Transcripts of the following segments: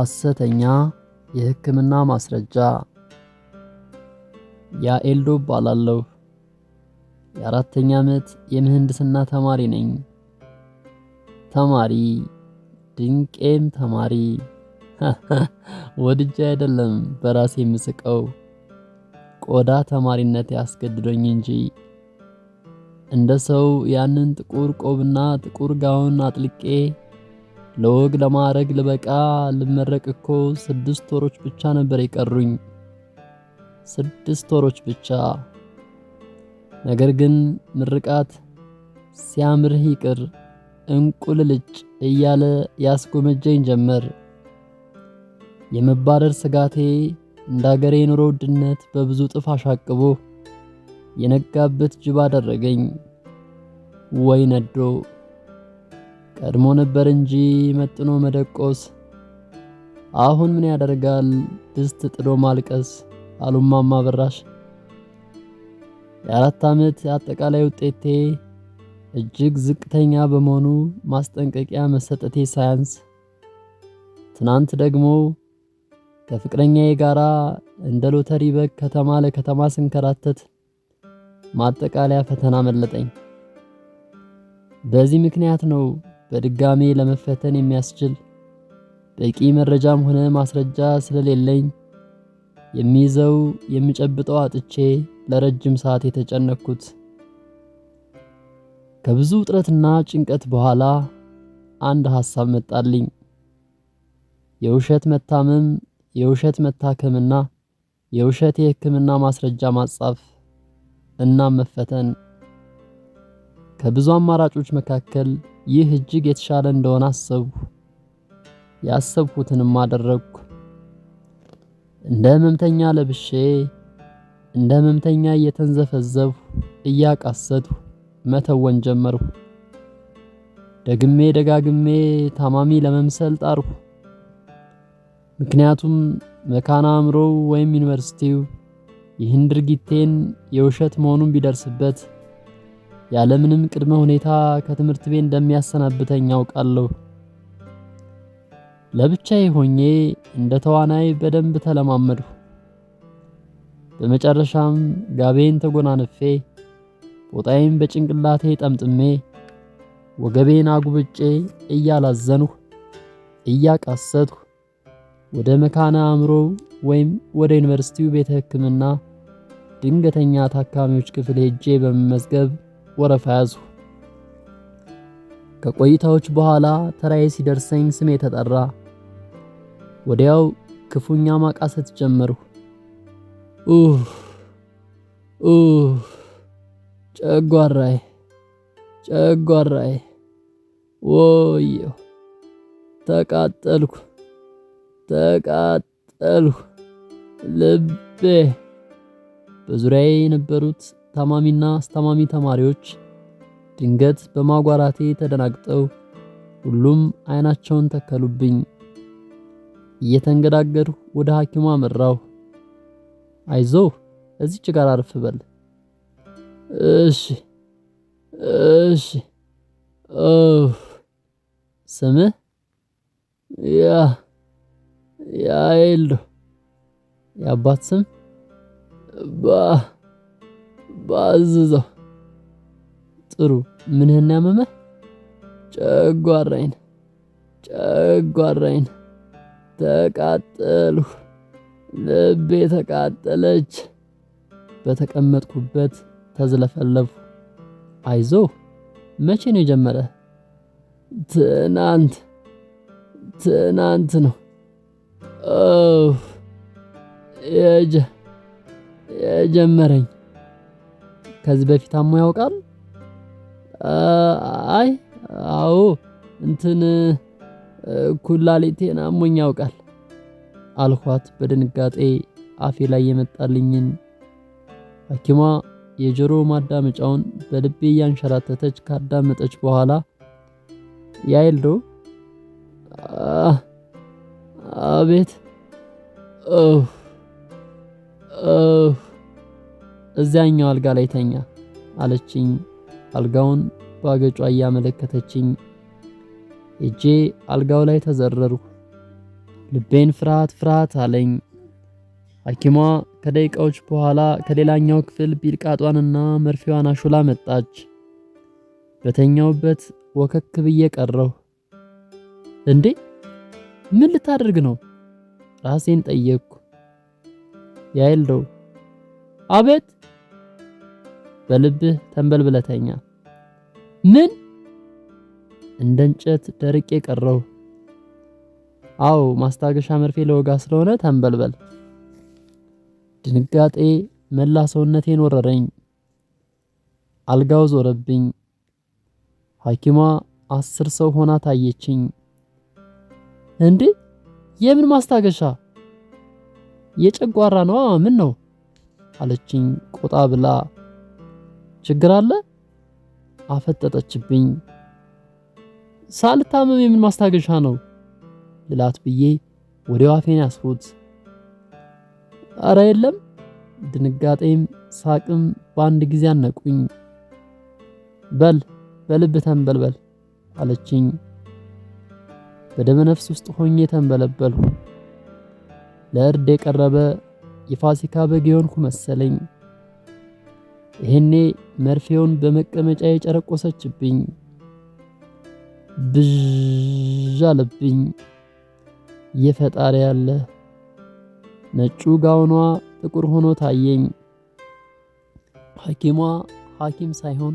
ሐሰተኛ የሕክምና ማስረጃ። ያኤልዶ ዶብ እባላለሁ። የአራተኛ ዓመት የምህንድስና ተማሪ ነኝ። ተማሪ ድንቄም ተማሪ ወድጄ አይደለም በራሴ የምስቀው ቆዳ ተማሪነት ያስገድዶኝ እንጂ እንደ ሰው ያንን ጥቁር ቆብና ጥቁር ጋውን አጥልቄ ለወግ ለማዕረግ ልበቃ ልመረቅ እኮ ስድስት ወሮች ብቻ ነበር የቀሩኝ። ስድስት ወሮች ብቻ። ነገር ግን ምርቃት ሲያምርህ ይቅር እንቁልልጭ እያለ ያስጎመጀኝ ጀመር። የመባረር ስጋቴ እንደ አገሬ የኑሮ ውድነት በብዙ ጥፍ አሻቅቦ የነጋበት ጅብ አደረገኝ ወይ ነዶ ቀድሞ ነበር እንጂ መጥኖ መደቆስ። አሁን ምን ያደርጋል ድስት ጥዶ ማልቀስ አሉ በራሽ። የአራት ዓመት አጠቃላይ ውጤቴ እጅግ ዝቅተኛ በመሆኑ ማስጠንቀቂያ መሰጠቴ ሳያንስ ትናንት ደግሞ ከፍቅረኛዬ ጋራ እንደ ሎተሪ በግ ከተማ ለከተማ ስንከራተት ማጠቃለያ ፈተና መለጠኝ። በዚህ ምክንያት ነው በድጋሜ ለመፈተን የሚያስችል በቂ መረጃም ሆነ ማስረጃ ስለሌለኝ የሚይዘው የሚጨብጠው አጥቼ ለረጅም ሰዓት የተጨነኩት። ከብዙ ውጥረትና ጭንቀት በኋላ አንድ ሐሳብ መጣልኝ። የውሸት መታመም፣ የውሸት መታከምና የውሸት የሕክምና ማስረጃ ማጻፍ እና መፈተን ከብዙ አማራጮች መካከል ይህ እጅግ የተሻለ እንደሆነ አሰብኩ። ያሰብኩትንም አደረግኩ። እንደ ሕመምተኛ ለብሼ እንደ ሕመምተኛ እየተንዘፈዘፉ እያቃሰቱ መተወን ጀመርኩ። ደግሜ ደጋግሜ ታማሚ ለመምሰል ጣርኩ። ምክንያቱም መካና አእምሮ ወይም ዩኒቨርሲቲው ይህን ድርጊቴን የውሸት መሆኑን ቢደርስበት ያለምንም ቅድመ ሁኔታ ከትምህርት ቤት እንደሚያሰናብተኝ አውቃለሁ። ለብቻዬ ሆኜ እንደ ተዋናይ በደንብ ተለማመድሁ። በመጨረሻም ጋቤን ተጎናንፌ ፎጣዬን በጭንቅላቴ ጠምጥሜ ወገቤን አጉብጬ እያላዘንሁ እያቃሰትሁ ወደ መካነ አእምሮ ወይም ወደ ዩኒቨርሲቲው ቤተ ሕክምና ድንገተኛ ታካሚዎች ክፍል ሄጄ በመመዝገብ ወረፋ ያዝሁ። ከቆይታዎች በኋላ ተራዬ ሲደርሰኝ ስሜ ተጠራ። ወዲያው ክፉኛ ማቃሰት ጀመርሁ። ኡፍ ኡፍ፣ ጨጓራዬ ጨጓራዬ፣ ወየው፣ ተቃጠልኩ ተቃጠልሁ፣ ልቤ። በዙሪያዬ የነበሩት ታማሚና አስታማሚ ተማሪዎች ድንገት በማጓራቴ ተደናግጠው ሁሉም አይናቸውን ተከሉብኝ። እየተንገዳገድሁ ወደ ሐኪሙ አመራሁ። አይዞህ እዚች ጋር አርፍ በል። እሺ እሺ። ኦፍ ስምህ? ያ ያይል የአባት ስም ባ ባዝዘው ጥሩ ምንህና ያመመ! ጨጓራይን ጨጓራይን ተቃጠልሁ፣ ልቤ ተቃጠለች። በተቀመጥኩበት ተዝለፈለፉ። አይዞ መቼ ነው የጀመረ? ትናንት ትናንት ነው። ኦፍ የጀመረኝ ከዚህ በፊት አሞ ያውቃል? አይ አዎ፣ እንትን ኩላሊቴን አሞኝ ያውቃል አልኳት በድንጋጤ አፌ ላይ የመጣልኝን። ሐኪሟ የጆሮ ማዳመጫውን በልቤ እያንሸራተተች ካዳመጠች በኋላ ያይልዶ አቤት ኦህ ኦህ እዚያኛው አልጋ ላይ ተኛ አለችኝ። አልጋውን ባገጯ እያመለከተችኝ እጄ አልጋው ላይ ተዘረሩ? ልቤን ፍርሃት ፍርሃት አለኝ። ሐኪሟ ከደቂቃዎች በኋላ ከሌላኛው ክፍል ቢልቃጧንና መርፌዋን አሹላ መጣች። በተኛውበት ወከክ ብዬ ቀረሁ። እንዴ ምን ልታደርግ ነው? ራሴን ጠየቅኩ። ያይልደው አቤት በልብህ ተንበልብለተኛ ምን እንደ እንጨት ደርቄ ቀረው። አው ማስታገሻ መርፌ ለወጋ ስለሆነ ተንበልበል። ድንጋጤ መላ ሰውነቴን ወረረኝ። አልጋው ዞረብኝ። ሐኪሟ አስር ሰው ሆና ታየችኝ። እንዴ የምን ማስታገሻ? የጨጓራ ነዋ። ምን ነው አለችኝ ቆጣ ብላ። ችግር አለ አፈጠጠችብኝ። ሳልታመም የምን ማስታገሻ ነው ልላት ብዬ ወዲያው አፌን ያስኩት። አረ የለም። ድንጋጤም ሳቅም በአንድ ጊዜ አነቁኝ። በል በልብ ተንበልበል አለችኝ። በደመነፍስ ውስጥ ሆኜ ተንበለበልሁ። ለእርድ የቀረበ የፋሲካ በግ የሆንኩ መሰለኝ። ይሄኔ መርፌውን በመቀመጫ የጨረቆሰችብኝ ብዥ አለብኝ። የፈጣሪ ያለ ነጩ ጋውኗ ጥቁር ሆኖ ታየኝ። ሐኪሟ ሐኪም ሳይሆን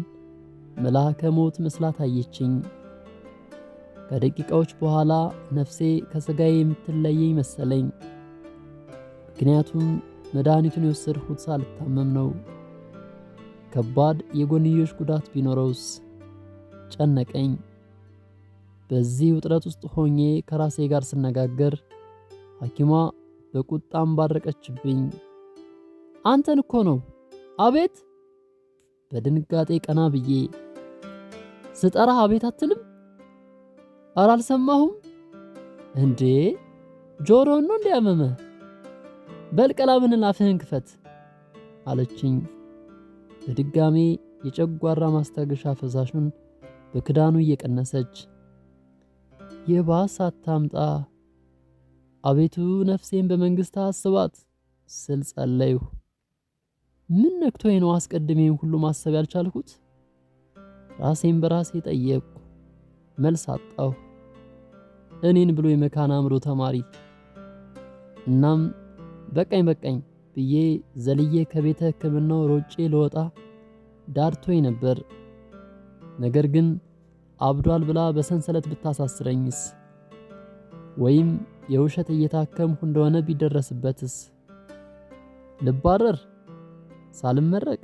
መልአከ ሞት መስላ ታየችኝ። ከደቂቃዎች በኋላ ነፍሴ ከስጋዬ የምትለየኝ መሰለኝ። ምክንያቱም መድኃኒቱን የወሰድኩት ሳልታመም ነው። ከባድ የጎንዮሽ ጉዳት ቢኖረውስ ጨነቀኝ። በዚህ ውጥረት ውስጥ ሆኜ ከራሴ ጋር ስነጋገር ሐኪሟ በቁጣም ባረቀችብኝ። አንተን እኮ ነው። አቤት! በድንጋጤ ቀና ብዬ ስጠራህ አቤት አትልም? ኧረ አልሰማሁም። እንዴ ጆሮን ነው እንዲያመመህ? በልቀላምን አፍህን ክፈት አለችኝ። በድጋሜ የጨጓራ ማስታገሻ ፈሳሹን በክዳኑ እየቀነሰች የባሳ አታምጣ፣ አቤቱ ነፍሴን በመንግስት አስባት ስል ጸለይሁ። ምን ነክቶ ነው አስቀድሜም ሁሉ ማሰብ ያልቻልኩት? ራሴን በራሴ ጠየቅኩ፣ መልስ አጣሁ። እኔን ብሎ የመካነ አእምሮ ተማሪ እናም በቃኝ በቃኝ ብዬ ዘልዬ ከቤተ ሕክምናው ሮጬ ልወጣ ዳርቶኝ ነበር። ነገር ግን አብዷል ብላ በሰንሰለት ብታሳስረኝስ? ወይም የውሸት እየታከምሁ እንደሆነ ቢደረስበትስ? ልባረር ሳልመረቅ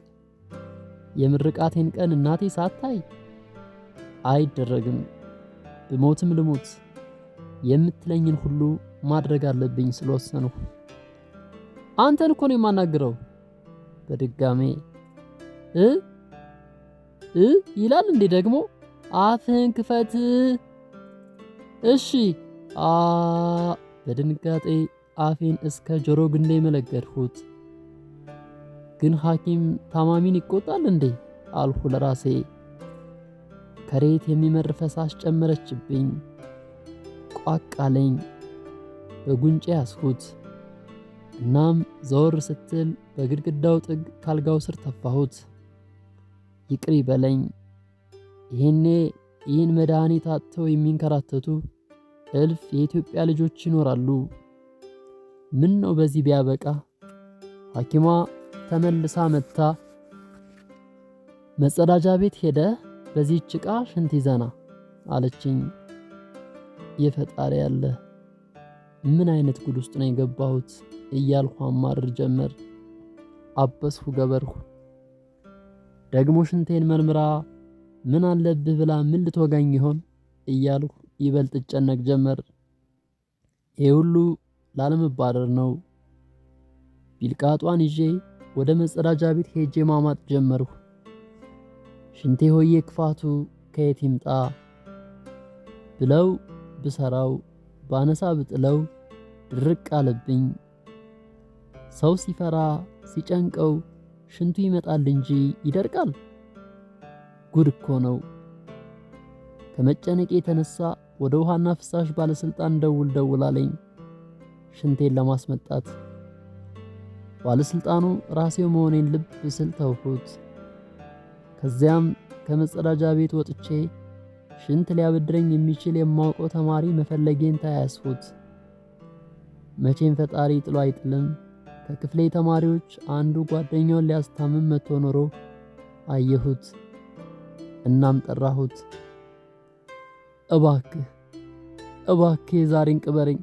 የምርቃቴን ቀን እናቴ ሳታይ አይደረግም፣ ብሞትም ልሞት የምትለኝን ሁሉ ማድረግ አለብኝ ስለወሰንሁ አንተን እኮ ነው የማናግረው። በድጋሜ እ እ ይላል እንዴ ደግሞ አፍህን ክፈት። እሺ አ በድንጋጤ አፌን እስከ ጆሮ ግንዴ መለገድሁት። ግን ሐኪም ታማሚን ይቆጣል እንዴ አልሁ ለራሴ። ከሬት የሚመር ፈሳሽ ጨመረችብኝ። ቋቃለኝ። በጉንጬ ያስሁት። እናም ዘወር ስትል በግድግዳው ጥግ ካልጋው ስር ተፋሁት። ይቅር ይበለኝ። ይህኔ ይህን መድኃኒት አጥተው የሚንከራተቱ እልፍ የኢትዮጵያ ልጆች ይኖራሉ። ምን ነው በዚህ ቢያበቃ። ሐኪሟ ተመልሳ መጥታ መጸዳጃ ቤት ሄደ በዚህች ጭቃ ሽንት ይዘና አለችኝ። የፈጣሪ ያለ ምን አይነት ጉድ ውስጥ ነው የገባሁት እያልኩ አማርር ጀመር። አበስሁ ገበርኩ። ደግሞ ሽንቴን መርምራ ምን አለብህ ብላ ምን ልትወጋኝ ይሆን እያልሁ ይበልጥ እጨነቅ ጀመር። ይሄ ሁሉ ላለመባረር ነው። ቢልቃጧን ይዤ ወደ መጸዳጃ ቤት ሄጄ ማማጥ ጀመርሁ። ሽንቴ ሆዬ ክፋቱ ከየት ይምጣ ብለው ብሰራው ባነሳ ብጥለው ድርቅ አለብኝ። ሰው ሲፈራ ሲጨንቀው ሽንቱ ይመጣል እንጂ ይደርቃል። ጉድ እኮ ነው። ከመጨነቄ የተነሳ ወደ ውሃና ፍሳሽ ባለስልጣን ደውል ደውል አለኝ ሽንቴን ለማስመጣት። ባለስልጣኑ ራሴው መሆኔን ልብ ስል ተውኩት። ከዚያም ከመጸዳጃ ቤት ወጥቼ ሽንት ሊያበድረኝ የሚችል የማውቀው ተማሪ መፈለጌን ታያስፉት። መቼም ፈጣሪ ጥሎ አይጥልም። ከክፍሌ ተማሪዎች አንዱ ጓደኛውን ሊያስታምም መጥቶ ኖሮ አየሁት። እናም ጠራሁት። እባክህ እባክህ ዛሬን ቅበረኝ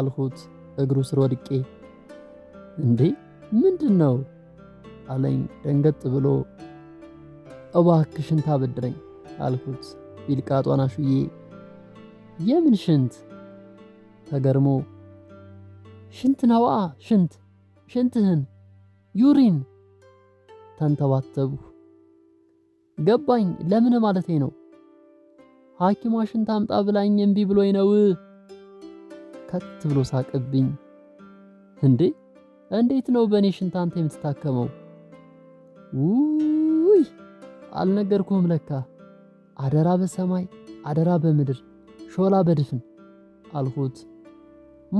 አልሁት እግሩ ስር ወድቄ። እንዴ ምንድን ነው አለኝ ደንገጥ ብሎ። እባክሽን ታበድረኝ አልሁት? ቢልቃጧን አሹዬ የምን ሽንት ተገርሞ ሽንት ነዋ ሽንት ሽንትህን ዩሪን ተንተባተቡ። ገባኝ ለምን ማለቴ ነው። ሐኪሟ ሽንት አምጣ ብላኝ እምቢ ብሎኝ ነው። ከት ብሎ ሳቅብኝ። እንዴ እንዴት ነው በእኔ ሽንት አንተ የምትታከመው? ውይ አልነገርኩም ለካ። አደራ በሰማይ አደራ በምድር ሾላ በድፍን አልሁት።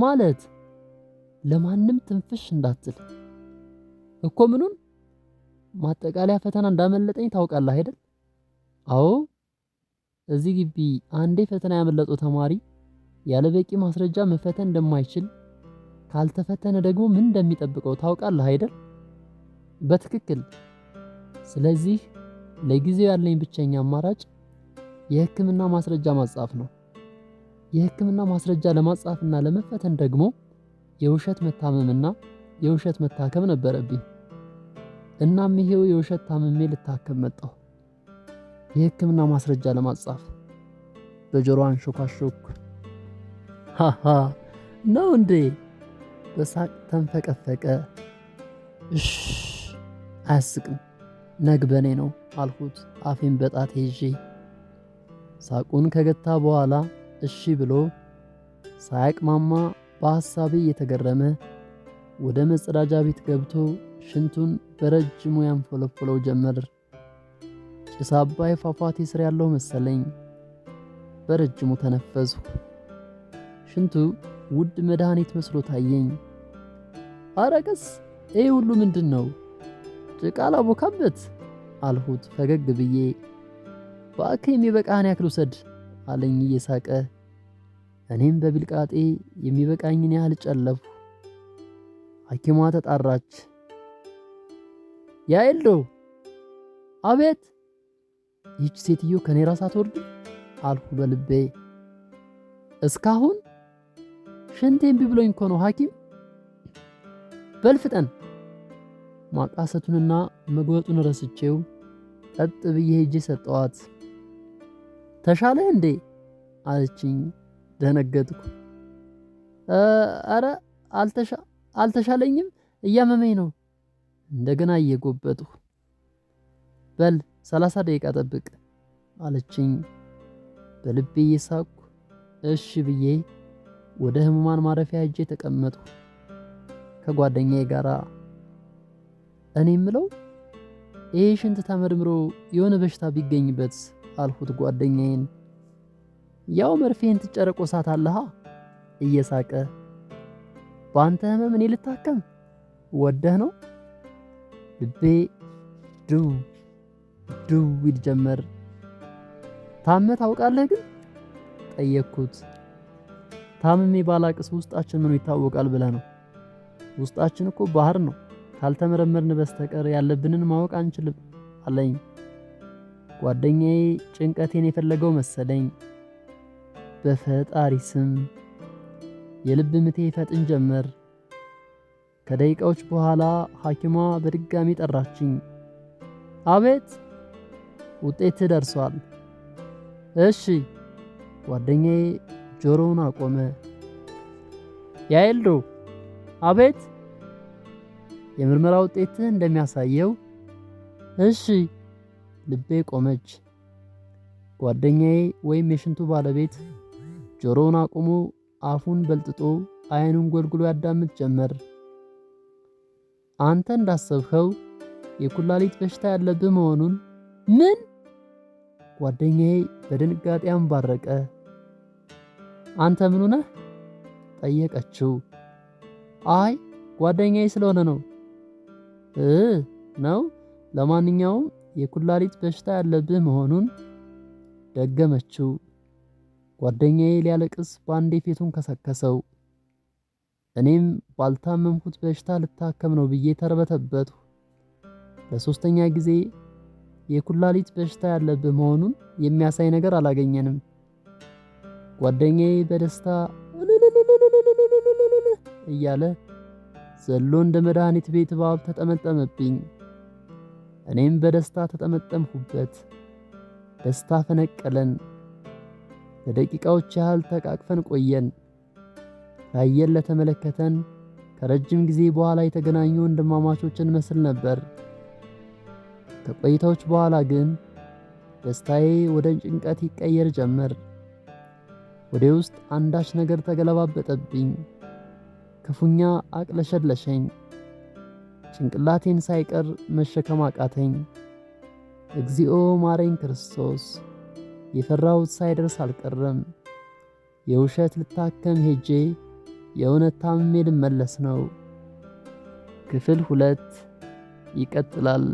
ማለት ለማንም ትንፍሽ እንዳትል እኮ ምኑን ማጠቃለያ ፈተና እንዳመለጠኝ ታውቃለህ አይደል? አዎ እዚህ ግቢ አንዴ ፈተና ያመለጠው ተማሪ ያለ በቂ ማስረጃ መፈተን እንደማይችል ካልተፈተነ ደግሞ ምን እንደሚጠብቀው ታውቃለህ አይደል? በትክክል ስለዚህ ለጊዜው ያለኝ ብቸኛ አማራጭ የህክምና ማስረጃ ማጻፍ ነው። የህክምና ማስረጃ ለማጻፍና ለመፈተን ደግሞ የውሸት መታመምና የውሸት መታከም ነበረብኝ። እናም ይሄው የውሸት ታምሜ ልታከም መጣሁ። የህክምና ማስረጃ ለማጻፍ በጆሮ አንሾካሾክ። ሃሃ ነው እንዴ? በሳቅ ተንፈቀፈቀ። እሽ አያስቅም፣ ነግ በኔ ነው አልኩት አፌን በጣት ይዤ ሳቁን ከገታ በኋላ እሺ ብሎ ሳያቅማማ በሐሳቤ እየተገረመ ወደ መጸዳጃ ቤት ገብቶ ሽንቱን በረጅሙ ያንፎለፎለው ጀመር። ጭስ አባይ ፏፏቴ ስር ያለው መሰለኝ። በረጅሙ ተነፈስሁ። ሽንቱ ውድ መድኃኒት መስሎ ታየኝ። አረቀስ ይህ ሁሉ ምንድን ነው? ጭቃ ላቦካበት አልሁት ፈገግ ብዬ። እባክህ የሚበቃህን ያክል ውሰድ አለኝ እየሳቀ። እኔም በብልቃጤ የሚበቃኝን ያህል ጨለፉ። ሐኪሟ ተጣራች። ያይልዶ አቤት፣ ይህች ሴትዮ ከኔ ራስ አትወርድ አልሁ በልቤ። እስካሁን ሽንቴን ቢብሎኝ እኮ ነው ሐኪም። በልፍጠን ማቃሰቱንና መግበጡን ረስቼው ጠጥ ብዬ ሄጄ ሰጠዋት። ተሻለ እንዴ አለችኝ። ደነገጥኩ። አረ አልተሻለኝም፣ እያመመኝ ነው። እንደገና እየጎበጥሁ በል ሰላሳ ደቂቃ ጠብቅ አለችኝ። በልቤ እየሳቅኩ እሺ ብዬ ወደ ህሙማን ማረፊያ እጄ ተቀመጥኩ ከጓደኛዬ ጋር። እኔ ምለው ይሄ ሽንት ተመርምሮ የሆነ በሽታ ቢገኝበት አልሁት ጓደኛዬን። ያው መርፌን ትጨረቆ ሳት አለሃ እየሳቀ በአንተ ህመም እኔ ልታከም ወደህ ነው። ልቤ ድው ድው ይል ጀመር። ታመ ታውቃለህ ግን ጠየቅኩት። ታምሜ ባላቅስ ውስጣችን ምኑ ይታወቃል ብለህ ነው። ውስጣችን እኮ ባህር ነው፣ ካልተመረመርን በስተቀር ያለብንን ማወቅ አንችልም አለኝ። ጓደኛዬ ጭንቀቴን የፈለገው መሰለኝ። በፈጣሪ ስም የልብ ምቴ ፈጥን ጀመር። ከደቂቃዎች በኋላ ሐኪሟ በድጋሚ ጠራችኝ። አቤት፣ ውጤት ደርሷል። እሺ። ጓደኛዬ ጆሮውን አቆመ። ያይልዶ፣ አቤት፣ የምርመራ ውጤት እንደሚያሳየው እሺ ልቤ ቆመች። ጓደኛዬ ወይም የሽንቱ ባለቤት ጆሮውን አቁሞ አፉን በልጥጦ አይኑን ጎልጉሎ ያዳምጥ ጀመር። አንተ እንዳሰብኸው የኩላሊት በሽታ ያለብህ መሆኑን ምን? ጓደኛዬ በድንጋጤ አንባረቀ። አንተ ምን ነህ? ጠየቀችው። አይ ጓደኛዬ ስለሆነ ነው እ ነው ለማንኛውም የኩላሊት በሽታ ያለብህ መሆኑን ደገመችው። ጓደኛዬ ሊያለቅስ በአንዴ ፊቱን ከሰከሰው። እኔም ባልታመምኩት በሽታ ልታከም ነው ብዬ ተርበተበትሁ። ለሶስተኛ ጊዜ የኩላሊት በሽታ ያለብህ መሆኑን የሚያሳይ ነገር አላገኘንም። ጓደኛዬ በደስታ እያለ ዘሎ እንደ መድኃኒት ቤት እባብ ተጠመጠመብኝ። እኔም በደስታ ተጠመጠምሁበት ደስታ ፈነቀለን። ለደቂቃዎች ያህል ተቃቅፈን ቆየን። ካየን ለተመለከተን ከረጅም ጊዜ በኋላ የተገናኙ ወንድማማቾችን መስል ነበር። ከቆይታዎች በኋላ ግን ደስታዬ ወደ ጭንቀት ይቀየር ጀመር። ወደ ውስጥ አንዳች ነገር ተገለባበጠብኝ፣ ክፉኛ አቅለሸለሸኝ። ጭንቅላቴን ሳይቀር መሸከም አቃተኝ። እግዚኦ ማረኝ ክርስቶስ። የፈራሁት ሳይደርስ አልቀረም። የውሸት ልታከም ሄጄ የእውነት ታምሜ ልመለስ ነው። ክፍል ሁለት ይቀጥላል።